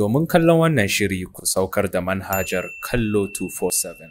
Domin kallon wannan shiri ku saukar da manhajar Kallo 247.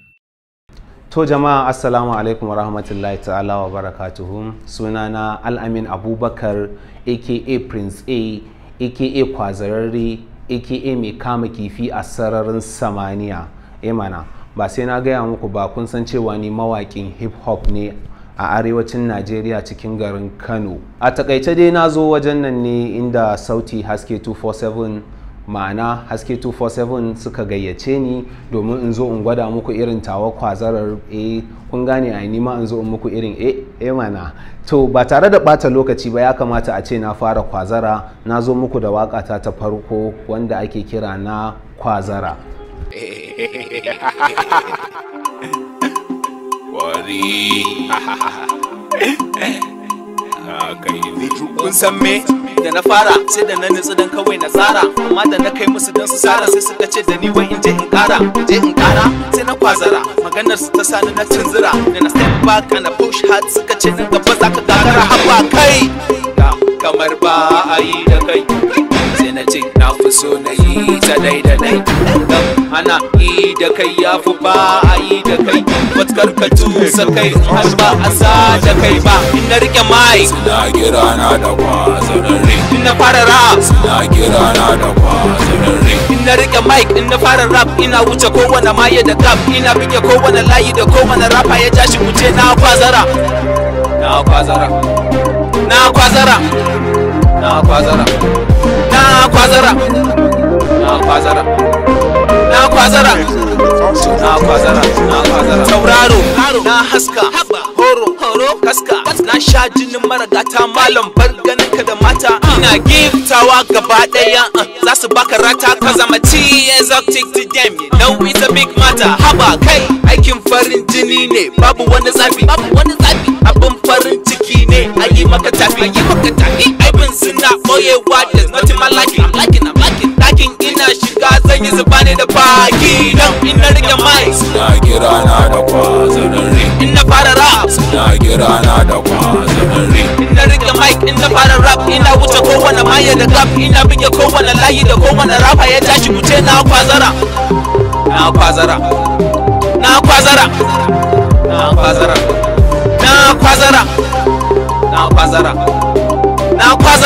To jama'a assalamu alaikum wa rahmatullahi ta'ala wa barakatuhu sunana Al'amin Abubakar aka Prince A aka Kwazararre aka mai kama kifi a sararin samaniya. Imana eh ba sai na gaya muku ba kun san cewa ni mawakin hip hop ne a arewacin najeriya cikin garin kano a takaice dai na zo wajen nan ne inda sauti haske 247 ma'ana haske 247 suka gayyace ni domin in zo in gwada muku irin tawa kwazarar a eh, kun gane a nima in zo in muku irin a eh, eh mana to ba tare da bata lokaci ba ya kamata a ce na fara kwazara na zo muku da wakata ta farko wanda ake kira na kwazara san me? da na fara sai da na nutsu dan kawai na tsara amma da na kai musu dan su sara sai suka ce da ni wai in je in kara je in kara sai na kwazara maganar su ta sani na cinzira da na step back and a push hard suka ce nan gaba zaka ka haba kai kamar ba a yi so na yi ta dai da dai ana yi da kai ya fi ba a yi da kai fatkar ka tusa kai har ba a sa da kai ba in na rike mai suna kira na da kwazararre in na fara rap suna kira na da kwazararre in na rike mic in na fara rap ina wuce kowane maye da gap ina bige kowane layi da kowane rapa ya ja shi wuce na kwazara na kwazara na kwazara na kwazara na kwazara na kwazara na kwazara na kwazara na kwazara tauraro na haska horo horo kaska na sha jinin maragata malam bar ganin ka da mata ina giftawa gaba daya uh, za su baka rata ka zama tea exotic to them you know it's a big matter haba kai aikin farin jini ne babu wani zafi babu wani zafi abin farin ciki ne ayi maka tafi ayi maka tafi suna boyewa da nothing my liking I'm liking I'm liking dakin ina shiga zan yi zuba ne da baki don ina rike mic suna gira, na da kwazarin ri ina fara rap suna gira, na da kwazarin ri ina rike mic ina fara rap ina wuce kowane maye da gap ina bige kowane layi da kowane rafa ya tashi wuce na kwazara na kwazara na kwazara na kwazara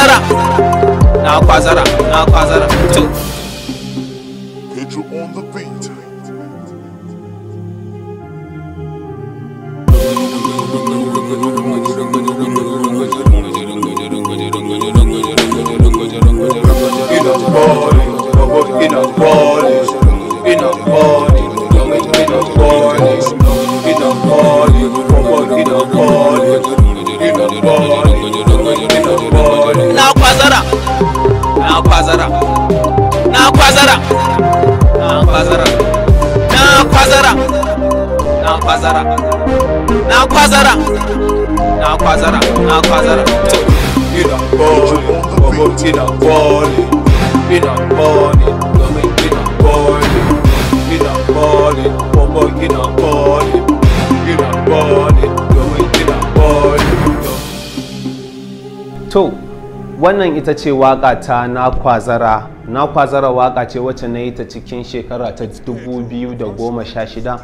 kwazara na kwazara na kwazara to Pedro on the beat In a body, in a body, in a body. na kwazara na kwazara na kwazara na kwazara na kwazara na kwazara na kwazara na kwazara to you don't ball bobo you don't ball you don't ball no me you don't ball you don't ball bobo you don't ball you don't ball no me you don't ball to wannan ita ce waka ta na kwazara na kwazara waka ce wacce na yi ta cikin shekara ta 2016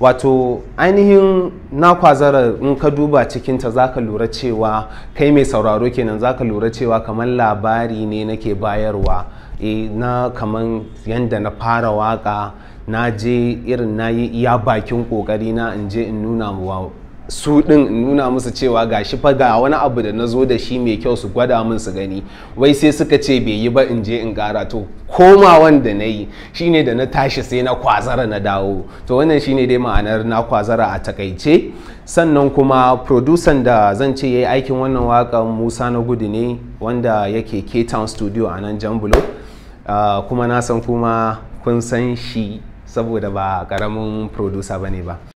wato ainihin na kwazara in ka duba cikin cikinta ka lura cewa kai mai sauraro kenan ka lura cewa kamar labari ne nake bayarwa e, na kamar yadda na fara waka na je irin na yi iya bakin kokari na in je in nuna wa su din nuna musu cewa ga shi fa ga wani abu da na zo da shi mai kyau su gwada min su gani wai sai suka ce bai yi ba in je in kara to komawan da na yi shine da na tashi sai na kwazara na dawo to wannan shine dai ma'anar na kwazara a takaice sannan kuma producer da zan ce yayi aikin wannan wakan Musa na gudu ne wanda yake K Town Studio a nan Jambulo uh, ah, kuma na san kuma kun san shi saboda ba karamin producer bane ba